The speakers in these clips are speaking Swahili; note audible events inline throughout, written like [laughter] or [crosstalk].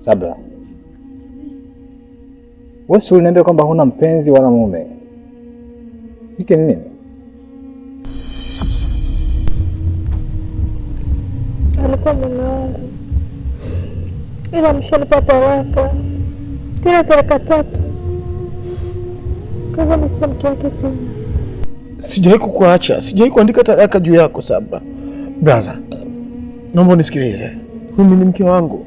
Sabra, wewe uliniambia kwamba huna mpenzi wala mume? Hiki ni nini? Alikuwa mume wangu, ila mshanipa talaka tena talaka tatu, kwa hivyo ni si mke wake tena. Sijawahi kukuacha, sijawahi kuandika talaka juu yako Sabra. brother, naomba unisikilize, huyu ni mke wangu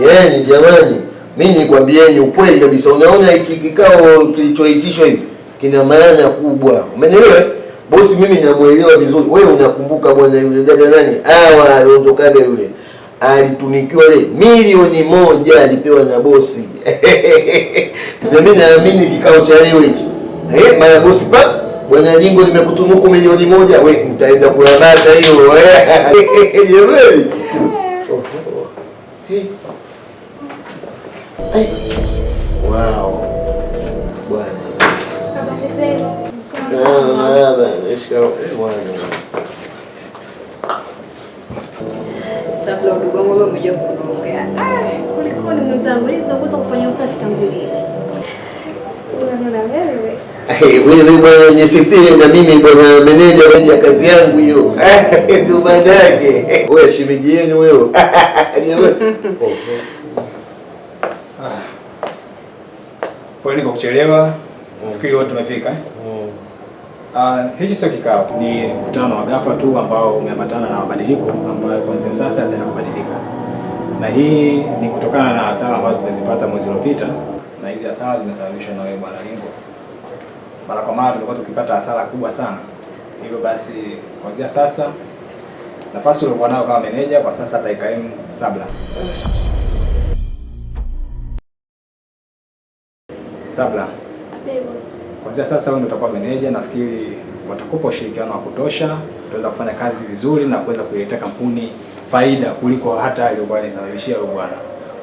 yeni jamani, mi nikwambieni ukweli kabisa. Unaona hiki kikao kilichoitishwa hivi kina maana kubwa, umenielewa bosi? Mimi namuelewa vizuri. Wewe unakumbuka bwana yule dada nani, hawa aliondokaga yule, alitunikiwa ile milioni moja alipewa na bosi [laughs] na mimi naamini kikao cha leo hichi eh, mara bosi pa bwana Lingo, nimekutunuku milioni moja, we mtaenda kulabata hiyo [laughs] jamani. Eh. Wow. Bwana. Habari zenu. Ah, eh, na mimi bwana meneja wa kazi yangu hiyo. Eh, [laughs] ndio maana yake. Wewe shimeji yenu wewe. [laughs] [laughs] Pole kwa kuchelewa. Mm. Nafikiri wote tumefika. Eh? Mm. Ah, hichi sio kikao, ni mkutano wa ghafla tu ambao umeambatana na mabadiliko ambayo kuanzia sasa yataenda kubadilika, na hii ni kutokana na hasara ambazo tumezipata mwezi uliopita, na hizi hasara zimesababishwa na wewe bwana Lingo. Mara kwa mara tulikuwa tukipata hasara kubwa sana, hivyo basi kuanzia sasa nafasi uliokuwa nayo kama meneja kwa sasa ataikaimu Sabla. Sabla, kwanzia sasa wewe ndio utakuwa meneja. Nafikiri watakupa ushirikiano wa kutosha, utaweza kufanya kazi vizuri na kuweza kuiletea kampuni faida kuliko hata aliyokuwa anasababishia yule bwana.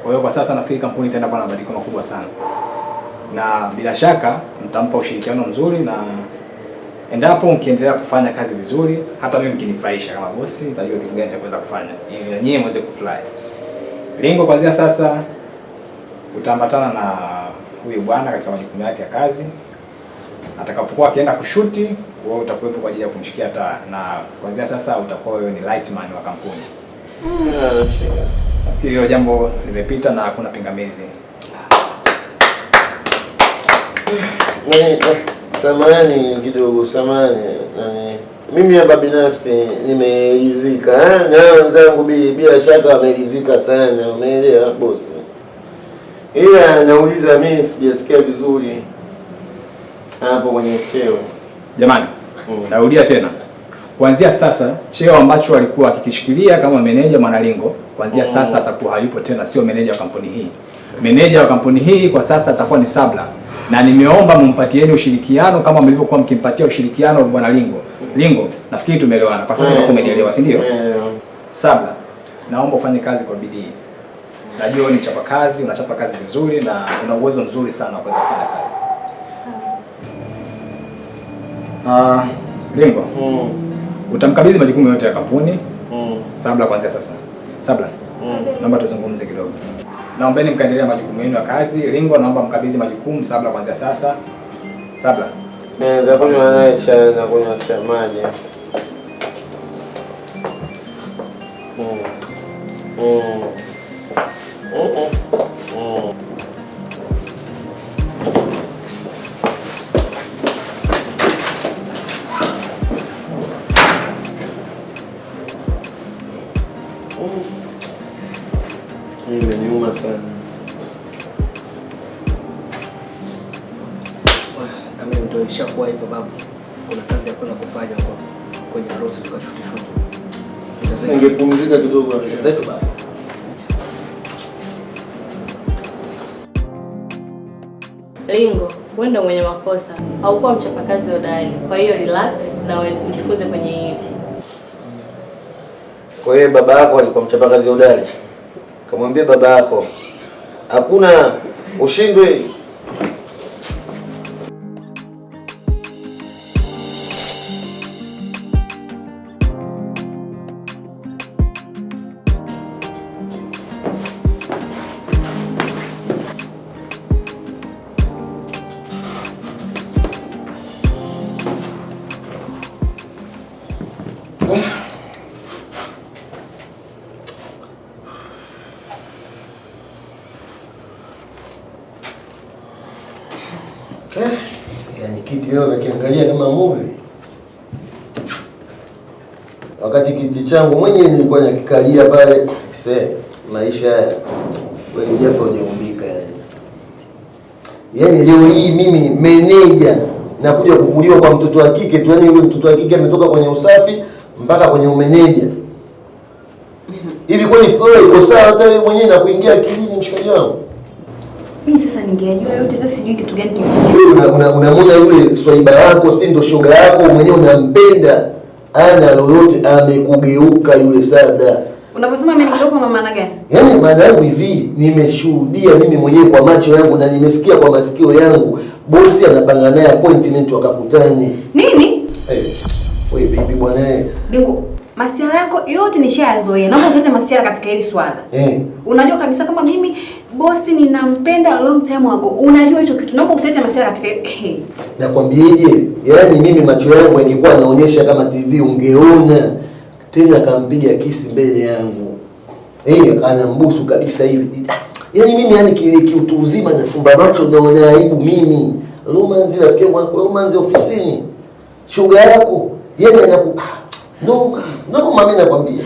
Kwa hiyo kwa sasa nafikiri kampuni itaenda kwa mabadiliko makubwa sana, na bila shaka mtampa ushirikiano mzuri, na endapo mkiendelea kufanya kazi vizuri, hata mimi mkinifurahisha kama bosi, nitajua kitu gani cha kuweza kufanya ili nyinyi muweze kufly. Lengo kwanzia sasa utaambatana na huyu bwana katika majukumu yake ya kazi. Atakapokuwa akienda kushuti, wewe utakuwepo kwa ajili ya kumshikia taa, na kuanzia sasa utakuwa wewe ni lightman wa kampuni. Nafikiri hilo jambo limepita na hakuna pingamizi. samani kidogo, samahani nani mimi hapa binafsi nimeridhika, eh? na wenzangu bila shaka wameridhika sana. Umeelewa bosi? Ila nauliza mimi sijasikia vizuri hapo kwenye cheo. Jamani, mm. Narudia tena. Kuanzia sasa cheo ambacho alikuwa akikishikilia kama meneja Mwanalingo, kuanzia mm. sasa atakuwa hayupo tena, sio meneja wa kampuni hii. Meneja wa kampuni hii kwa sasa atakuwa ni Sabla, na nimeomba mumpatieni ushirikiano kama mlivyokuwa mkimpatia ushirikiano Bwana Lingo. Mm. Lingo, nafikiri tumeelewana kwa sasa. Mm. umeelewa si ndio? Sabla, naomba ufanye kazi kwa bidii najua ni chapa kazi, unachapa kazi vizuri na una uwezo mzuri sana wa kuweza kufanya kazi. Uh, ah, Lingo, mm. utamkabidhi majukumu yote ya kampuni mm. Sabla kuanzia sasa. Sabla, mm. naomba tuzungumze kidogo. Naombeni mkaendelea majukumu yenu ya kazi. Lingo, naomba mkabidhi majukumu Sabla kuanzia sasa. Sabla, nakunywa naye chai, kunywa cha maji. Mm. Mm. Oo. Oo. Hii imeniuma ishakuwa hivyo babu, kuna kazi ya kwenda kufanya kwenye harusi tukashutishwa. Ningepumzika kidogo. wewe ndio mwenye makosa, haukuwa mchapakazi hodari. Kwa hiyo relax na ujifunze kwenye hili. Kwa hiyo baba yako alikuwa mchapakazi hodari, kamwambia baba yako hakuna ushindwe leo nakiangalia kama movie, wakati kiti changu mwenyewe nilikuwa nakikalia pale. Se maisha haya kweli Jaffa hujaumbika yani. Yaani leo hii mimi meneja nakuja kuvuliwa kwa mtoto wa kike tu, yaani yule mtoto wa kike ametoka kwenye usafi mpaka kwenye umeneja mhm. hivi. Kwani flow iko sawa hata wewe mwenyewe na kuingia akilini, mshikaji wangu? ningejua yote, sasa sijui kitu gani kimetokea. Unamwona yule swaiba wako, si ndo shoga yako mwenyewe, unampenda ana lolote, amekugeuka yule Sada. Unaposema amenigeuka kwa maana gani? Yaani maana yangu hivi, nimeshuhudia mimi mwenyewe kwa macho yangu na nimesikia kwa masikio yangu, bosi anapanga naye appointment wakakutane. Nini? Eh. Hey, wewe bibi bwana eh. Bingo, masiara yako yote nishayazoea. Naomba usiache masiara katika hili swala. Eh. Hey. Unajua kabisa kama mimi Bosi ninampenda long time ago. Unajua hicho kitu. Naomba usilete masuala katika Nakwambieje? Yaani mimi macho yangu yangekuwa naonyesha kama TV ungeona. Tena akampiga kisi mbele yangu. Eh, anambusu kabisa hivi. Yaani mimi yani kile kiutu uzima nafumba macho naona aibu mimi. Romanzi rafiki yangu, Romanzi ofisini. Shuga yako. Yeye yaani anaku ah, No, no mama nakwambia.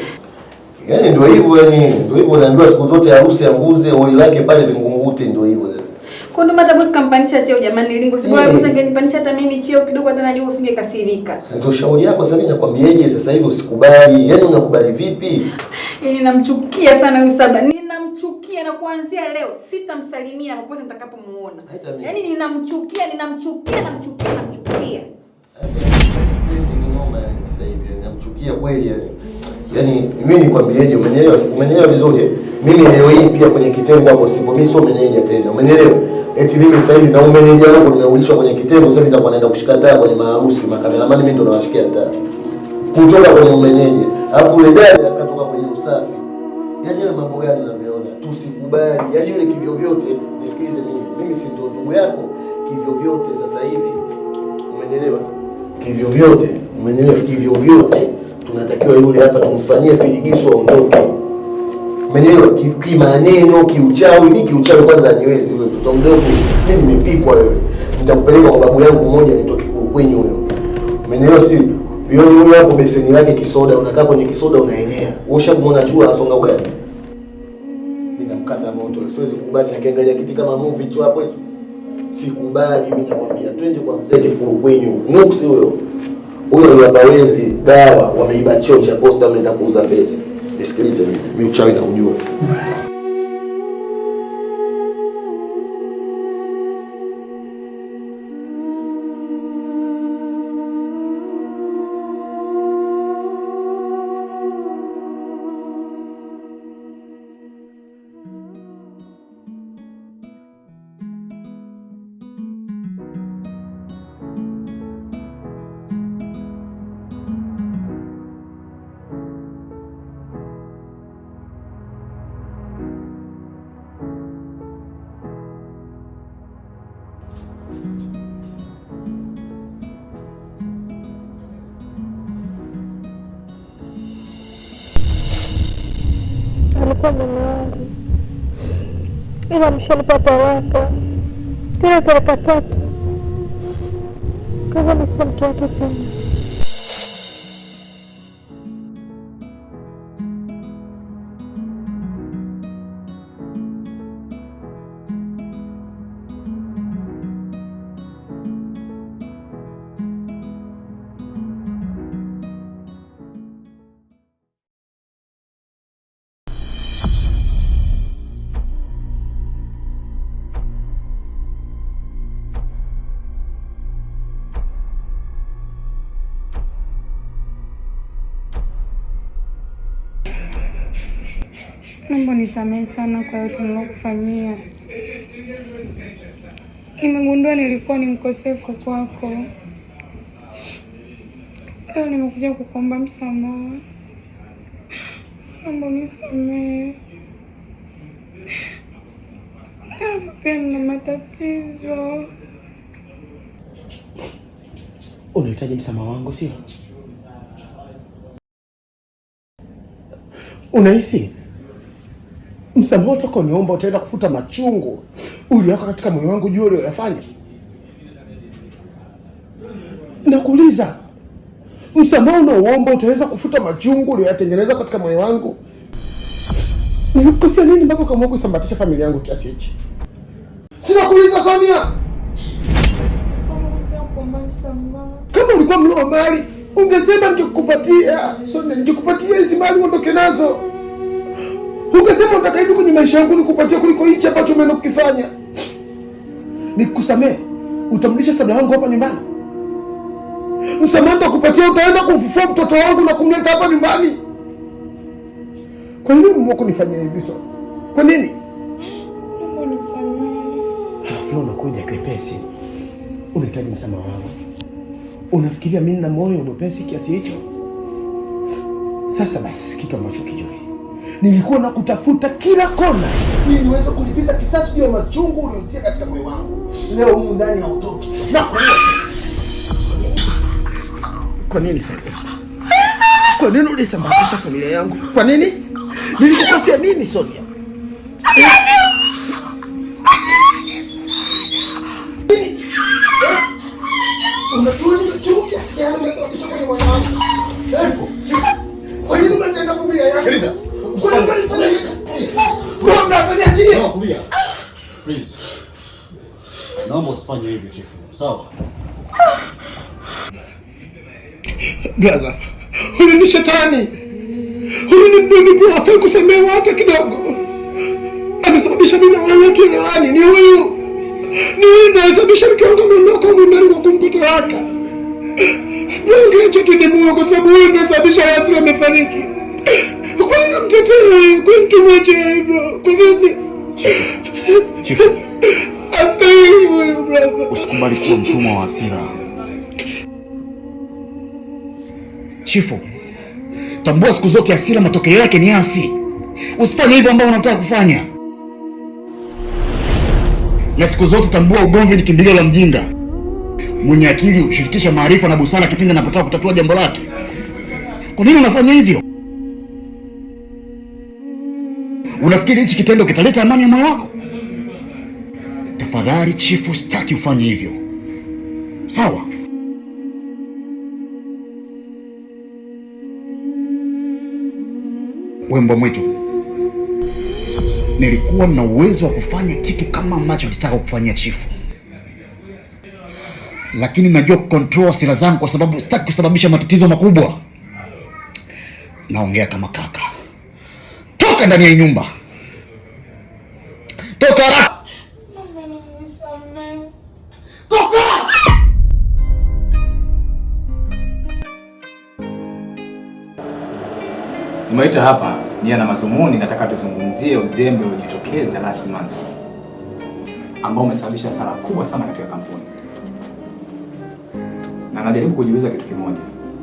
Yaani ndio hivyo, yani ndio hivyo, naambiwa siku zote harusi ya mbuzi au lake pale Vingunguti, ndio hivyo sasa. Kwa ndio mata bosi kampanisha cheo jamani, lingo sikuwa yeah. Bosi angenipanisha hata mimi cheo kidogo, hata najua usinge kasirika. Ndio shauri yako sasa, mimi nakwambiaje sasa hivi usikubali. Yaani unakubali vipi? Yaani namchukia sana huyu Saba. Ninamchukia na kuanzia leo sitamsalimia popote nitakapomuona. Yaani ninamchukia, ninamchukia, namchukia, namchukia. Ndio noma sasa hivi, namchukia kweli yani yani mimi nikwambieje, umenielewa? Umenielewa vizuri? Mimi leo hii pia kwenye kitengo hapo sipo. Mimi sio meneja tena. Umenielewa? Eti mimi sasa hivi na umeneja huko, nimeulishwa kwenye kitengo, sasa nitakuwa naenda kushika taa kwenye maharusi, makameramani mimi ndo nawashikia taa. Kutoka kwenye umeneja. Alafu yule dada akatoka kwenye usafi. Yaani wewe mambo gani unavyoona? Tusikubali. Yaani yule kivyo vyote, nisikilize mimi. Mimi si ndo ndugu yako kivyo vyote sasa hivi. Umenielewa? Kivyo vyote. Umenielewa? Kivyo vyote tunatakiwa yule hapa tumfanyie filigiso aondoke. Meneno kimaneno, ki kiuchawi. Mi kiuchawi kwanza niwezi wewe, mtoto mdogo mimi nimepikwa wewe, nitakupeleka kwa babu yangu mmoja anaitwa Kifuru kwenye huyo. Meneno sijui vioni huyo hapo beseni lake kisoda, unakaa kwenye kisoda unaenea. Wewe ushakumwona chua anasonga ugali, ninamkata moto. Siwezi kukubali na kiangalia kiti kama movie tu hapo, sikubali mimi. Nakwambia twende kwa mzee Kifuru kwenye, nuksi huyo huyo aliwabawezi dawa, wameiba cheo cha Posta, mnaenda kuuza mbezi Nisikilize mimi, mimi uchawi na alikuwa mume wangu, ila mshanipa talaka tena talaka tatu, kwa hivyo ni mke wake tena. Naomba nisamehe sana kwa yote nilokufanyia. Nimegundua nilikuwa ni mkosefu kwako. Leo nimekuja kukuomba msamaha. Naomba nisamehe. Alafu pia nina matatizo. Unahitaji msamaha wangu, sio? Unahisi Ukiugusa moto koniomba utaenda kufuta machungu uliyoka katika moyo wangu juu ulioyafanya. Nakuuliza, msamaha unaouomba utaweza kufuta machungu uliyoyatengeneza katika moyo wangu? Nilikukosea nini mpaka ukaamua kusambatisha familia yangu kiasi hichi? Sinakuuliza Samia, kama ulikuwa wa mali ungesema ningekupatia, so ningekupatia hizi mali uondoke nazo. Ukasema utakaidi kwenye maisha yangu nikupatia kuliko hichi ambacho umeenda kukifanya. nikusamee utamlisha sada wangu hapa nyumbani. Msamaha nitakupatia, utaenda kumfufua mtoto wangu na kumleta hapa nyumbani. Kwa nini mume wako hivi sasa? Kwa nini? Halafu unakuja kwepesi, unahitaji msamaha wangu. Unafikiria mimi na moyo mwepesi kiasi hicho? Sasa basi, kitu ambacho kijui nilikuwa na kutafuta kila kona ili niweze kulipiza kisasi juu ya machungu uliotia katika moyo wangu. Leo humu ndani utoki Na kwa nini sasa? Kwa nini ulisambaratisha familia yangu? Kwa nini? Nilikukosea mimi Sonia? Unataka Kulia. Please. Naomba usifanye hivyo chifu. Sawa? Gaza. Huyu ni shetani. Huyu ni mdudu hafai kusemewa hata kidogo. Amesababisha mimi na wewe tuelewane. Ni huyu. Ni huyu ndiye amesababisha mke wangu ameondoka huko ndani kwa haka. Mungu acha tudimu kwa sababu huyu ndiye amesababisha watu wamefariki. Bwana mtoto wangu mtu mmoja hivyo. Usikubali kuwa mtumwa wa hasira. Chifu, tambua siku zote hasira matokeo yake ni asi. Usifanye hivyo ambao unataka kufanya, na siku zote tambua ugomvi ni kimbilio la mjinga. Mwenye akili hushirikisha maarifa na busara kipindi anapotaka kutatua jambo lake. Kwa nini unafanya hivyo? Unafikiri hichi kitendo kitaleta amani ya moyo wako? Tafadhali chifu, sitaki ufanye hivyo, sawa? Wembo mwitu, nilikuwa na uwezo wa kufanya kitu kama ambacho nilitaka kufanyia chifu, lakini najua kukontrol hasira zangu, kwa sababu sitaki kusababisha matatizo makubwa. Naongea kama kaka haraka ndani ya nyumba, toka haraka. Nimeita hapa nia na mazumuni, nataka tuzungumzie uzembe uliojitokeza last month ambao umesababisha hasara kubwa sana katika kampuni, na najaribu kujiuliza kitu kimoja,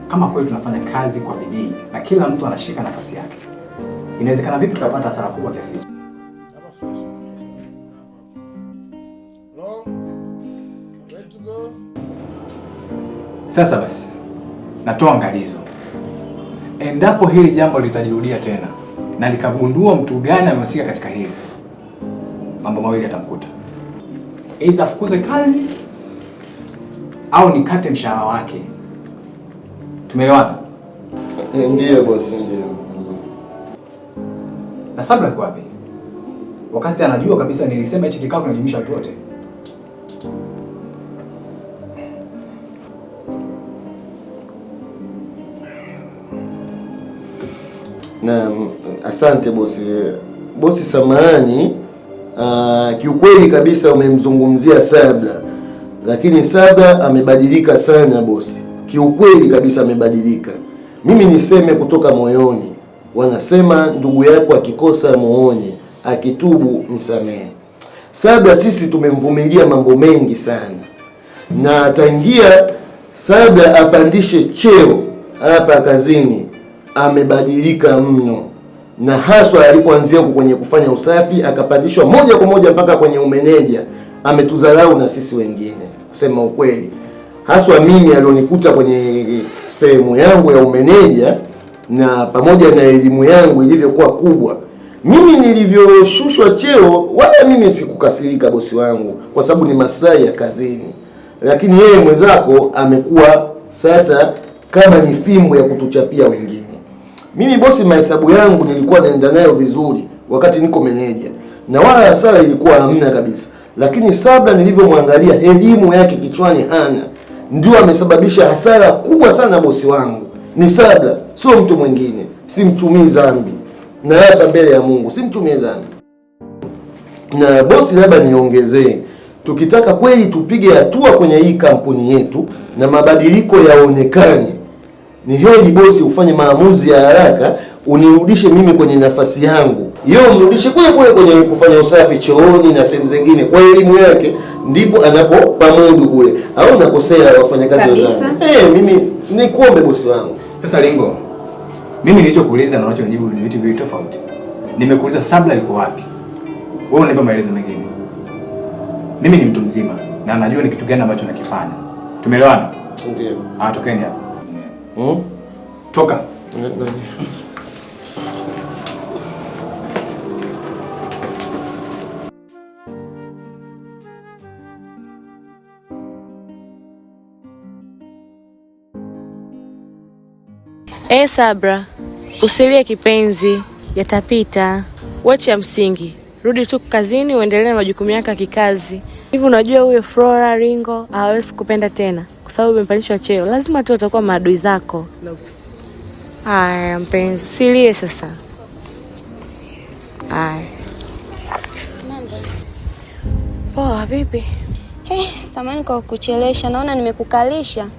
kama kweli tunafanya kazi kwa bidii na kila mtu anashika nafasi yake Inawezekana vipi tukapata hasara kubwa kiasi hicho? Sasa basi, natoa angalizo, endapo hili jambo litajirudia tena na likagundua mtu gani amehusika katika hili, mambo mawili yatamkuta: aidha afukuze kazi au nikate mshahara wake. Tumeelewana? Eh, ndiyo bosi, ndiyo na Sabla yuko wapi? Wakati anajua kabisa nilisema hichi kikao kinajumuisha watu wote. Na asante bosi. Bosi samahani, uh, kiukweli kabisa umemzungumzia Sabla, lakini Sabla amebadilika sana bosi, kiukweli kabisa amebadilika. Mimi niseme kutoka moyoni wanasema ndugu yako akikosa muonye, akitubu msamehe. sabda sisi tumemvumilia mambo mengi sana, na ataingia sabda apandishe cheo hapa kazini amebadilika mno, na haswa alipoanzia huko kwenye kufanya usafi akapandishwa moja kwa moja mpaka kwenye umeneja. Ametudharau na sisi wengine, kusema ukweli, haswa mimi alionikuta kwenye sehemu yangu ya umeneja na pamoja na elimu yangu ilivyokuwa kubwa, mimi nilivyoshushwa cheo, wala mimi sikukasirika bosi wangu, kwa sababu ni maslahi ya kazini. Lakini yeye mwenzako amekuwa sasa kama ni fimbo ya kutuchapia wengine. Mimi bosi, mahesabu yangu nilikuwa naenda nayo vizuri wakati niko meneja, na wala hasara ilikuwa hamna kabisa, lakini sabla nilivyomwangalia, elimu yake kichwani hana, ndio amesababisha hasara kubwa sana bosi wangu ni sabla sio mtu mwingine. Simtumii dhambi na hapa mbele ya Mungu simtumii dhambi. Na bosi, labda niongezee, tukitaka kweli tupige hatua kwenye hii kampuni yetu na mabadiliko yaonekane, ni heri bosi ufanye maamuzi ya haraka, unirudishe mimi kwenye nafasi yangu, yeye umrudishe kule kule kwenye kufanya usafi chooni na sehemu zingine, kwa elimu yake ndipo anapopamudu kule. Au nakosea? Wafanyakazi wenzangu, eh, mimi nikuombe bosi wangu sasa Lingo, mimi nilichokuuliza na unachojibu ni vitu viwili tofauti. Nimekuuliza Sabla yuko wapi, wewe unipa maelezo mengine. Mimi ni mtu mzima na najua ni kitu gani ambacho nakifanya. Tumeelewana? Ndio. Ah, tokeni hapa. Hmm? Toka. Ndio. E, Sabra, usilie kipenzi, yatapita. Wachi ya msingi, rudi tu kazini, uendelee na majukumu yako ya kikazi. Hivi unajua huyo Flora Ringo hawezi kupenda tena kwa sababu umepandishwa cheo, lazima tu watakuwa maadui zako. Haya mpenzi, silie sasa. Haya poa. Vipi? Hey, eh, samani kwa kuchelesha, naona nimekukalisha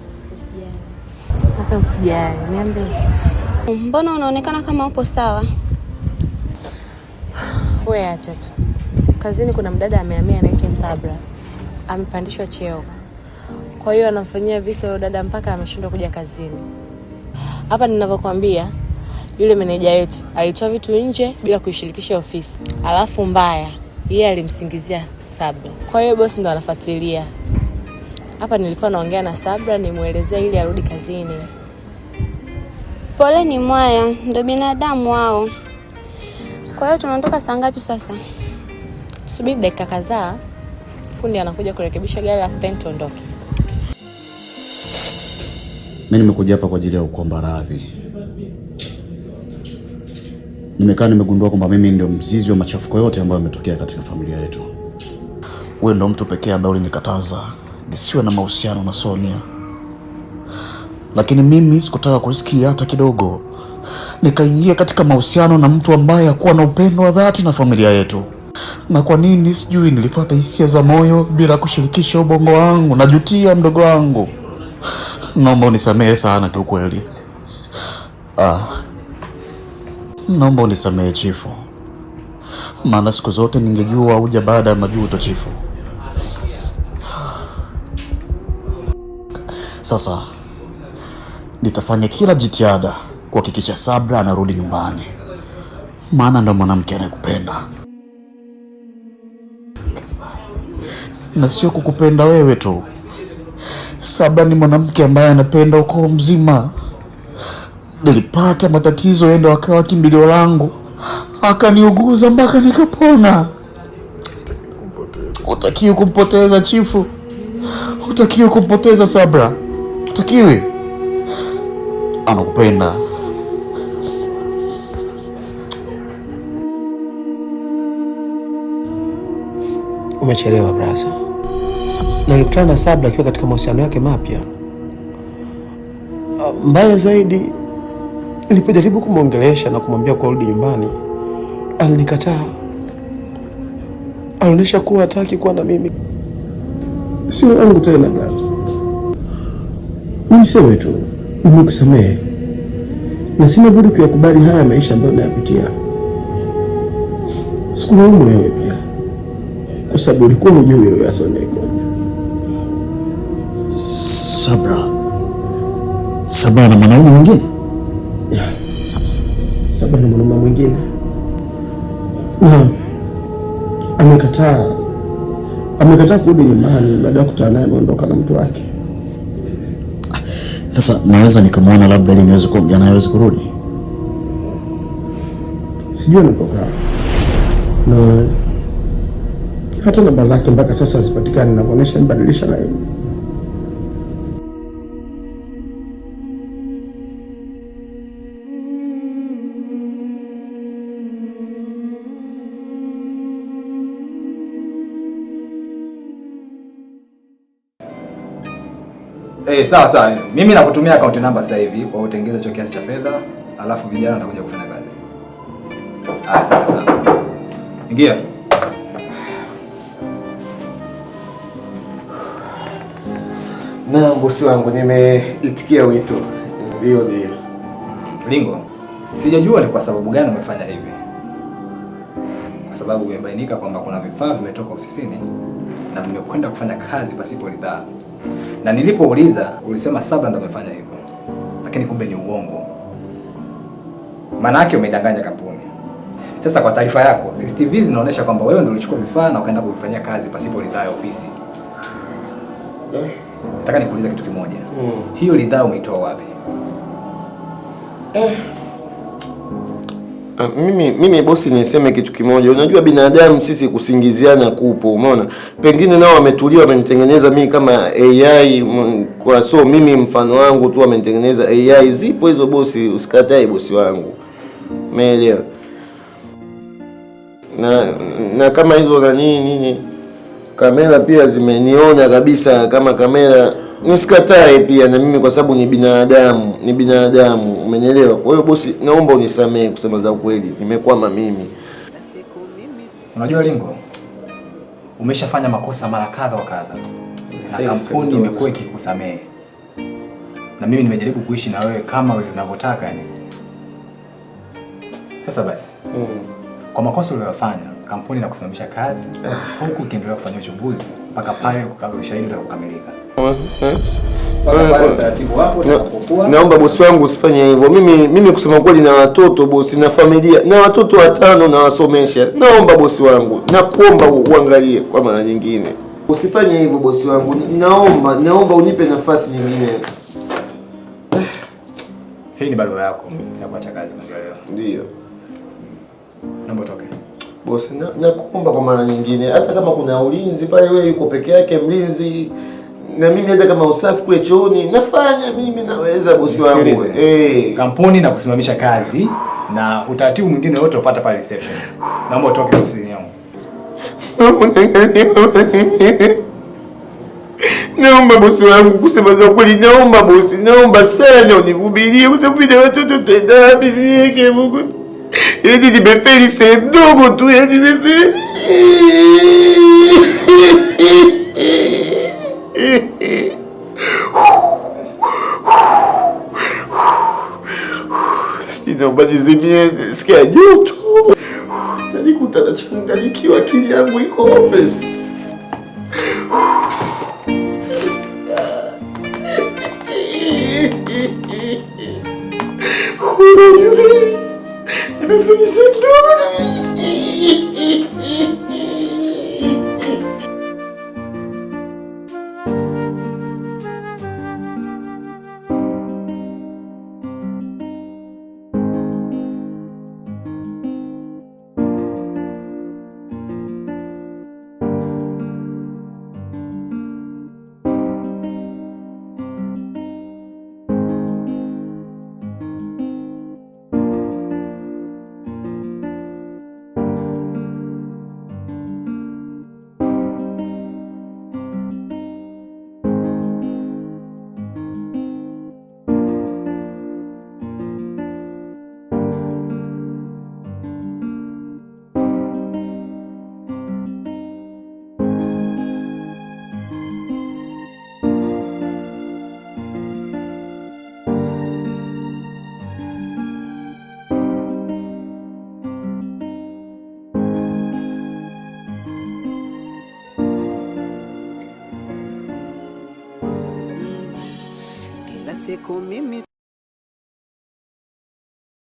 hata usijali, niambie. Eh, mbona unaonekana kama upo sawa? We acha tu. Kazini kuna mdada amehamia anaitwa Sabra, amepandishwa cheo, kwa hiyo anamfanyia visa huyo dada mpaka ameshindwa kuja kazini. Hapa ninavyokuambia, yule meneja yetu alitoa vitu nje bila kuishirikisha ofisi, alafu mbaya yeye alimsingizia Sabra, kwa hiyo bosi ndo anafuatilia. Hapa nilikuwa naongea na Sabra, nimwelezea ili arudi kazini. Pole ni mwaya, ndo binadamu wao. Kwa hiyo tunaondoka saa ngapi sasa? Subiri dakika kadhaa, fundi anakuja kurekebisha gari la then tuondoke. Mimi nimekuja hapa kwa ajili ya kuomba radhi. Nimekaa nimegundua kwamba mimi ndio mzizi wa machafuko yote ambayo yametokea katika familia yetu. Wewe ndo mtu pekee ambaye ulinikataza nisiwe na mahusiano na Sonia lakini mimi sikutaka kusikia hata kidogo. Nikaingia katika mahusiano na mtu ambaye hakuwa na upendo wa dhati na familia yetu, na kwa nini sijui. Nilipata hisia za moyo bila kushirikisha ubongo wangu. Najutia mdogo wangu, naomba unisamehe sana kiukweli. Ah, naomba unisamehe chifu, maana siku zote ningejua uja baada ya majuto chifu. Sasa Nitafanya kila jitihada kuhakikisha Sabra anarudi nyumbani, maana ndo mwanamke anayekupenda na sio kukupenda wewe tu. Sabra ni mwanamke ambaye anapenda ukoo mzima. Nilipata matatizo, endo akawa kimbilio langu, akaniuguza mpaka nikapona. Utakiwi kumpoteza chifu, utakiwi kumpoteza Sabra, utakiwi anakupenda. Umechelewa brasa. Nilikutana na Sabla akiwa katika mahusiano yake mapya. Ah, mbaya zaidi, nilipojaribu kumwongelesha na kumwambia kwa rudi nyumbani, alinikataa. Alionyesha kuwa hataki kuwa na mimi. Sio wangu tena brasa, niseme tu nimekusamehe na sina budi kuyakubali haya maisha ambayo nayapitia. Sikulaumu wewe pia, kwa sababu ulikuwa hujui wewe hasa unaikoja. Sabra, Sabra na mwanaume mwingine, Sabra na mwanaume mwingine, na amekataa amekataa kurudi nyumbani baada ya kutana naye ameondoka na mtu wake. Sasa naweza nikamwona labda ili niweze kuongea naye aweze kurudi. Sijui anapokaa na hata namba zake mpaka sasa hazipatikani, na kuonesha mbadilisha laini Eh, sawa sawa. Mimi nakutumia account number sasa hivi kwa utengeza cho kiasi cha fedha, alafu vijana watakuja kufanya kazi. Ah, sawa sawa. Ingia. Na bosi wangu nimeitikia wito. Ndio ndio. Lingo. Sijajua ni kwa sababu gani umefanya hivi. Kwa sababu imebainika kwamba kuna vifaa vimetoka ofisini na vimekwenda kufanya kazi pasipo ridhaa na nilipouliza ulisema ndo amefanya hivyo, lakini kumbe ni uongo. Maana yake umedanganya kampuni. Sasa kwa taarifa yako, CCTV zinaonyesha kwamba wewe ndio ulichukua vifaa na ukaenda kuvifanyia kazi pasipo ridhaa ya ofisi. Eh? Nataka nikuuliza kitu kimoja. Hmm. Hiyo ridhaa umeitoa wapi? Eh. Ah, mimi, mimi bosi, niseme kitu kimoja. Unajua binadamu sisi kusingiziana kupo, umeona. Pengine nao wametulia, wamenitengeneza mimi kama AI mm, kwa, so mimi mfano wangu tu wamenitengeneza AI. Zipo hizo bosi, usikatae bosi wangu, umeelewa? Na, na kama hizo na nini nini, kamera pia zimeniona kabisa kama kamera nisikatae pia na mimi kwa sababu ni binadamu, ni binadamu, umenielewa? Kwa hiyo bosi, naomba unisamehe, kusema za ukweli, nimekwama mimi. Unajua Lingo, umeshafanya makosa mara kadha wa kadha na kampuni imekuwa ikikusamehe, na mimi nimejaribu kuishi na wewe kama wewe unavyotaka yani. Sasa basi mm. kwa makosa uliyofanya kampuni na kusimamisha kazi ah. huku ikiendelea kufanya uchunguzi mpaka pale ushahidi utakamilika. Naomba bosi wangu usifanye hivyo. Mimi mimi kusema kweli, na watoto bosi, na familia na watoto watano nawasomesha. Naomba bosi wangu, nakuomba uangalie kwa mara nyingine, usifanye hivyo bosi wangu. Naomba naomba unipe nafasi nyingine. [sighs] Hii ni barua yako ya kuacha kazi kuanzia leo. Ndio. Naomba toke. Bosi, nakuomba kwa mara nyingine, hata kama kuna ulinzi pale, yule yuko peke yake mlinzi na mimi hata kama usafi kule chooni nafanya mimi, naweza bosi wangu eh, kampuni na kusimamisha kazi na utaratibu mwingine wote upata pale reception. Naomba utoke ofisini yangu. [laughs] Naomba bosi wangu, kusema za kweli, naomba bosi, naomba sana univumilie, kwa sababu na watoto tena bibieke Mungu. Yaani nimefeli sehemu ndogo tu, yaani nimefeli [laughs] ubajizimie sikia juu [sighs] nalikuta najikuta nachanganyikiwa, akili yangu iko mimi